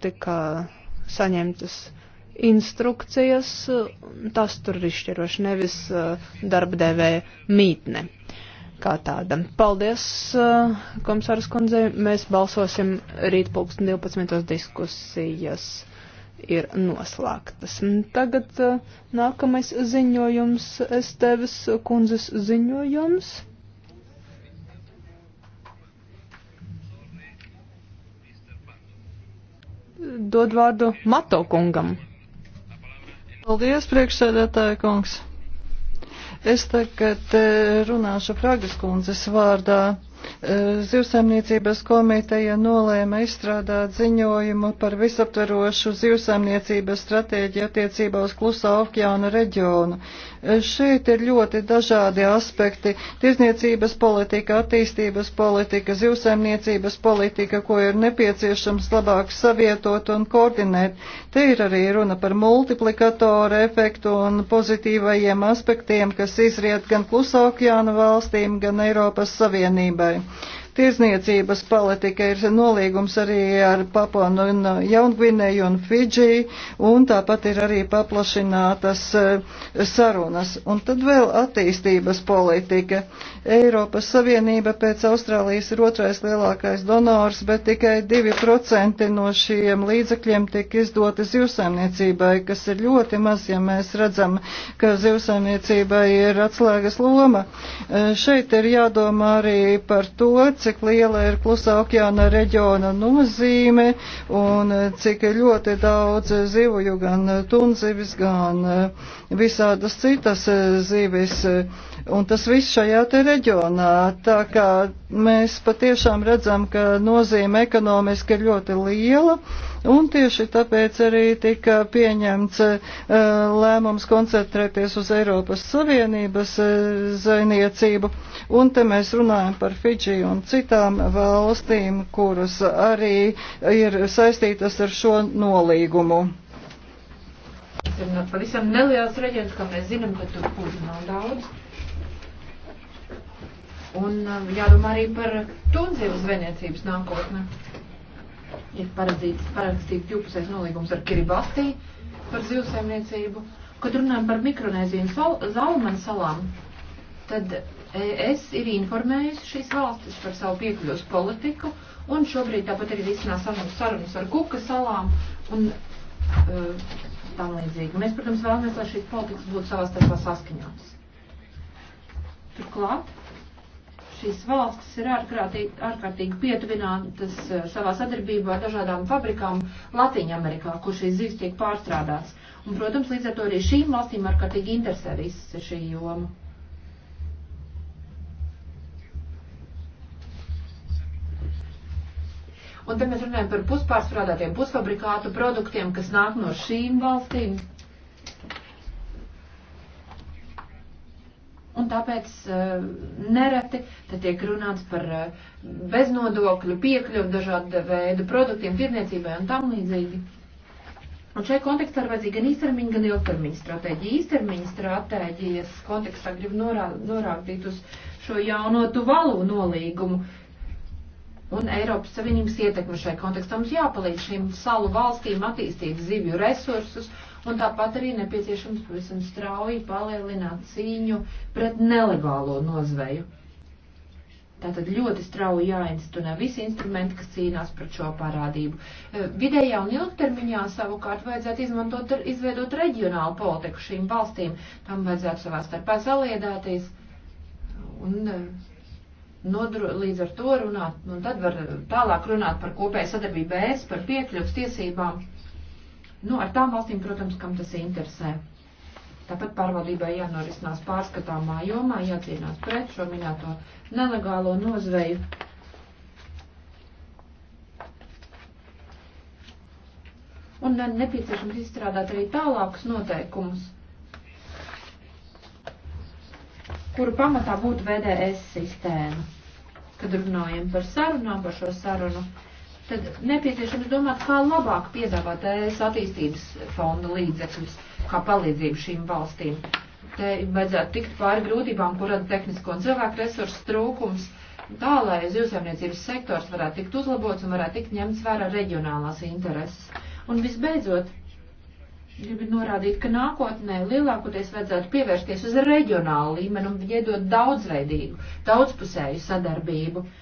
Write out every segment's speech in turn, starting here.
tika saņemtas instrukcijas, tas tur ir izšķiroši, nevis eh, darbdevēja mītne kā tāda. Paldies, eh, komisāras kundze, mēs balsosim rīt pulksten 12. diskusijas ir noslēgtas. Tagad eh, nākamais ziņojums, Esteves kundzes ziņojums. dod vārdu Mato kungam. Paldies, priekšsēdētāja kungs. Es tagad eh, runāšu Fragas kundzes vārdā. Eh, zivsaimniecības komiteja nolēma izstrādāt ziņojumu par visaptverošu zivsaimniecības stratēģiju attiecībā uz klusā okeāna reģionu. Eh, Šeit ir ļoti dažādi aspekti - tirzniecības politika, attīstības politika, zivsaimniecības politika, ko ir nepieciešams labāk savietot un koordinēt. Te ir arī runa par multiplikatoru efektu un pozitīvajiem aspektiem, kas izriet gan klusā okeāna valstīm, gan Eiropas Savienībai iedzīvotāju. Tirzniecības politika ir nolīgums arī ar Paponu un Jaungvinēju un Fidži, un tāpat ir arī paplašinātas eh, sarunas. Un tad vēl attīstības politika. Eiropas Savienība pēc Austrālijas ir otrais lielākais donors, bet tikai 2% no šiem līdzekļiem tiek izdoti zivsaimniecībai, kas ir ļoti maz, ja mēs redzam, ka zivsaimniecībai ir atslēgas loma. Eh, šeit ir jādomā arī par to, cik liela ir klusā okeāna reģiona nozīme un cik ļoti daudz zivju, gan tunzivis, gan e, visādas citas e, zivis. E, un tas viss šajā te reģionā. Tā kā Mēs patiešām redzam, ka nozīme ekonomiski ir ļoti liela, un tieši tāpēc arī tika pieņemts eh, lēmums koncentrēties uz Eiropas Savienības eh, zainiecību, un te mēs runājam par Fidži un citām valstīm, kuras arī ir saistītas ar šo nolīgumu tas ir pavisam neliels reģions, kā mēs zinām, ka tur kuģi nav daudz. Un um, jādomā arī par Tunziju uz Venecijas nākotni. Ir paredzīts parakstīt jūpusēs nolīgums ar Kiribati par zivsaimniecību. Kad runājam par Mikronēziju un sal Zalmanu salām, tad es ir informējusi šīs valstis par savu piekļuvus politiku, un šobrīd tāpat arī risinās sarunas ar Kuka salām un uh, tam līdzīgi. Mēs, protams, vēlamies, lai šīs politikas būtu savā starpā saskaņotas. Turklāt šīs valstis ir ārkārtīgi, ārkārtīgi pietuvinātas eh, savā sadarbībā ar dažādām fabrikām Latvijā, Amerikā, kur šīs zivs tiek pārstrādāts. Un, protams, līdz ar to arī šīm valstīm ārkārtīgi interesē viss šī joma. Un te mēs runājam par puspārstrādātiem pusfabrikātu produktiem, kas nāk no šīm valstīm. tāpēc uh, nereti te tiek runāts par uh, beznodokļu piekļuvu dažādu veidu produktiem, tirniecībai un tam līdzīgi. Un šai kontekstā ir vajadzīga gan īstermiņa, gan ilgtermiņa stratēģija. Īstermiņa stratēģijas kontekstā grib norā, norādīt uz šo jauno tuvalu nolīgumu, un Eiropas Savienības ietekmi šai kontekstā. Mums jāpalīdz šīm salu valstīm attīstīt zivju resursus un tāpat arī nepieciešams pavisam strauji palielināt cīņu pret nelegālo nozveju. Tātad ļoti strauji jāinstitunē visi instrumenti, kas cīnās pret šo parādību. E, vidējā un ilgtermiņā savukārt vajadzētu izmantot, izveidot reģionālu politiku šīm valstīm. Tam vajadzētu savā starpā saliedāties un e, nodru, līdz ar to runāt. Un tad var tālāk runāt par kopēju sadarbību ES, par piekļuvas tiesībām. Nu, ar tām valstīm, protams, kam tas interesē. Tāpat pārvaldībai jānorisinās pārskatāmā jomā, jācīnās pret šo minēto nelegālo nozveju. Un nepieciešams izstrādāt arī tālākus noteikumus, kuru pamatā būtu VDS sistēma. Kad runājam par sarunām, par šo sarunu tad nepieciešams domāt, kā labāk piedāvāt ES attīstības fonda līdzekļus, kā palīdzību šīm valstīm. Te vajadzētu tikt pāri grūtībām, kur rada tehnisko un cilvēku resursu trūkums, tā lai zivsaimniecības sektors varētu tikt uzlabots un varētu tikt ņemts vērā reģionālās intereses. Un visbeidzot, gribu norādīt, ka nākotnē lielākoties vajadzētu pievērsties uz reģionālu līmeni un iedot daudzveidīgu, daudzpusēju sadarbību. Uh,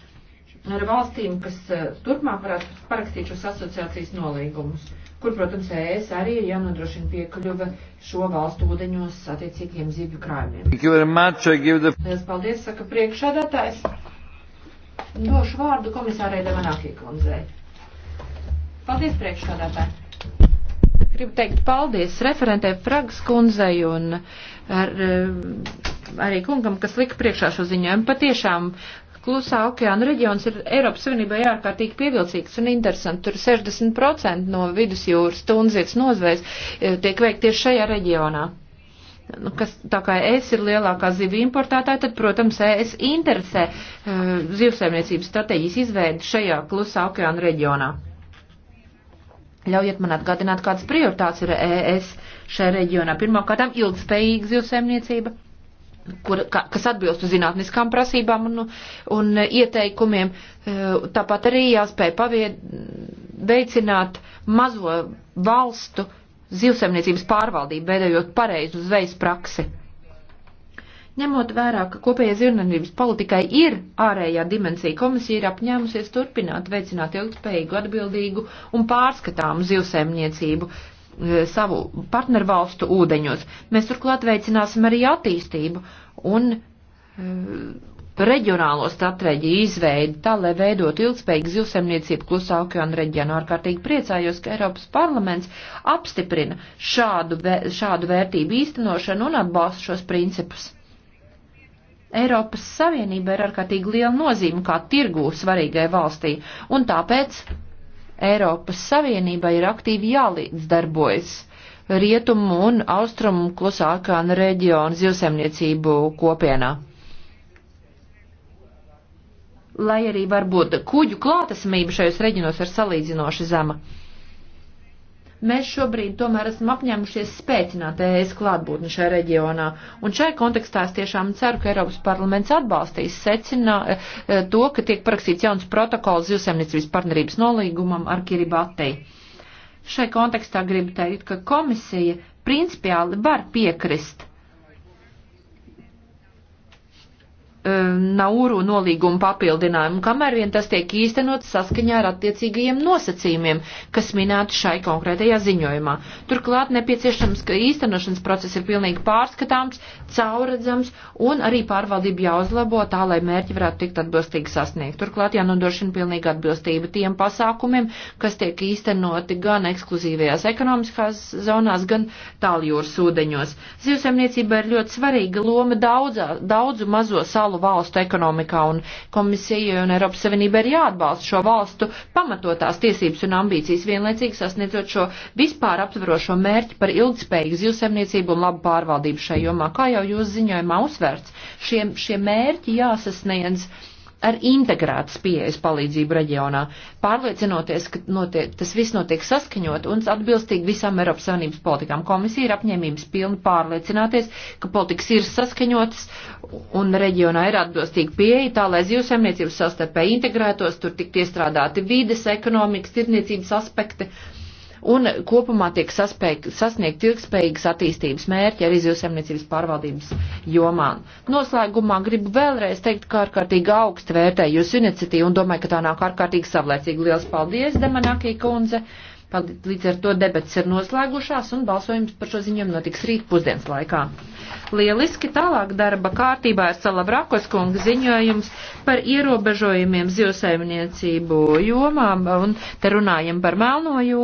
ar valstīm, kas eh, turpmāk varētu parakstīt šos asociācijas nolīgumus, kur, protams, ES arī ir jānodrošina piekļuva šo valstu ūdeņos attiecīgiem zivju krājumiem. The... Lielas paldies, saka priekšādātājs. Došu vārdu komisārai Devanākī kundzei. Paldies, priekšādātāji. Gribu teikt paldies referentē Frags kundzei un ar, eh, arī kungam, kas lika priekšā šo ziņojumu. Patiešām Klusā okeāna reģions ir Eiropas Savienībai ārkārtīgi pievilcīgs un interesants. Tur 60% no vidusjūras tunzītas nozvēs e, tiek veikt tieši šajā reģionā. Nu, kas, tā kā es ir lielākā zivju importētāja, tad, protams, es interesē uh, zivsaimniecības stratēģijas izveidi šajā klusā okeāna reģionā. Ļaujiet man atgādināt, kādas prioritātes ir ES šajā reģionā. Pirmkārt, ilgspējīga zivsaimniecība. Uh, kur, ka, kas atbilst zinātniskām prasībām un, un ieteikumiem. E, tāpat arī jāspēj pavied, veicināt mazo valstu zivsemniecības pārvaldību, veidojot pareizu zvejas praksi. Ņemot vērā, ka kopējai zivnanības politikai ir ārējā dimensija, komisija ir apņēmusies turpināt veicināt ilgspējīgu, atbildīgu un pārskatāmu zivsēmniecību, Eh, savu partnervalstu ūdeņos. Mēs turklāt veicināsim arī attīstību un eh, reģionālo stratēģiju izveidi, tā lai veidot ilgspējīgu zivsemniecību klusā okeāna reģionā. Ārkārtīgi priecājos, ka Eiropas parlaments apstiprina šādu, šādu vērtību īstenošanu un atbalsta šos principus. Eiropas Savienība ir ārkārtīgi liela nozīme kā tirgū svarīgai valstī, un tāpēc Eiropas Savienībai ir aktīvi jālīdzdarbojas rietumu un austrumu klusākāna reģionu zivsemniecību kopienā. Lai arī varbūt kuģu klātesamība šajos reģionos ir salīdzinoši zema. Mēs šobrīd tomēr esam apņēmušies spēcināt ES klātbūtni šajā reģionā, un šai kontekstā es tiešām ceru, ka Eiropas parlaments atbalstīs secinā eh, to, ka tiek parakstīts jauns protokols zivsēmniecības partnerības nolīgumam ar Kiribati. Šai kontekstā gribu teikt, ka komisija principiāli var piekrist Um, Nauru nolīguma papildinājumu, kamēr vien tas tiek īstenots saskaņā ar attiecīgajiem nosacījumiem, kas minēti šai konkrētajā ziņojumā. Turklāt nepieciešams, ka īstenošanas process ir pilnīgi pārskatāms, cauredzams un arī pārvaldība jāuzlabo tā, lai mērķi varētu tikt atbilstīgi sasniegt. Turklāt jānodrošina pilnīga atbilstība tiem pasākumiem, kas tiek īstenoti gan ekskluzīvajās ekonomiskās zonās, gan tāljūras ūdeņos. Zivsaimniecība ir ļoti svarīga loma daudzu mazo salu reālu valstu ekonomikā, un komisija un Eiropas Savienība ir jāatbalsta šo valstu pamatotās tiesības un ambīcijas, vienlaicīgi sasniedzot šo vispār aptverošo mērķi par ilgspējīgu zivsaimniecību un labu pārvaldību šai jomā. Kā jau jūs ziņojumā uzsvērts, šie, šie mērķi jāsasniedz ar integrētas pieejas palīdzību reģionā, pārliecinoties, ka notiek, tas viss notiek saskaņot un atbilstīgi visām Eiropas Savienības politikām. Komisija ir apņēmības pilna pārliecināties, ka politikas ir saskaņotas un reģionā ir atbilstīga pieeja, tā lai zivsaimniecības savstarpēji integrētos, tur tikt iestrādāti vides, ekonomikas, tirniecības aspekti. Uh, un kopumā tiek saspēk, sasniegt ilgspējīgas attīstības mērķi arī zivsemniecības pārvaldības jomā. Noslēgumā gribu vēlreiz teikt, ka ārkārtīgi augstu vērtēju jūsu iniciatīvu un domāju, ka tā nāk ārkārtīgi savlaicīgi. Liels paldies, Demanakī kundze! Līdz ar to debats ir noslēgušās un balsojums par šo ziņojumu notiks rīt pusdienas laikā. Lieliski tālāk darba kārtībā ir Salavrakos kunga ziņojums par ierobežojumiem zivsaimniecību jomām un te runājam par melno jūru.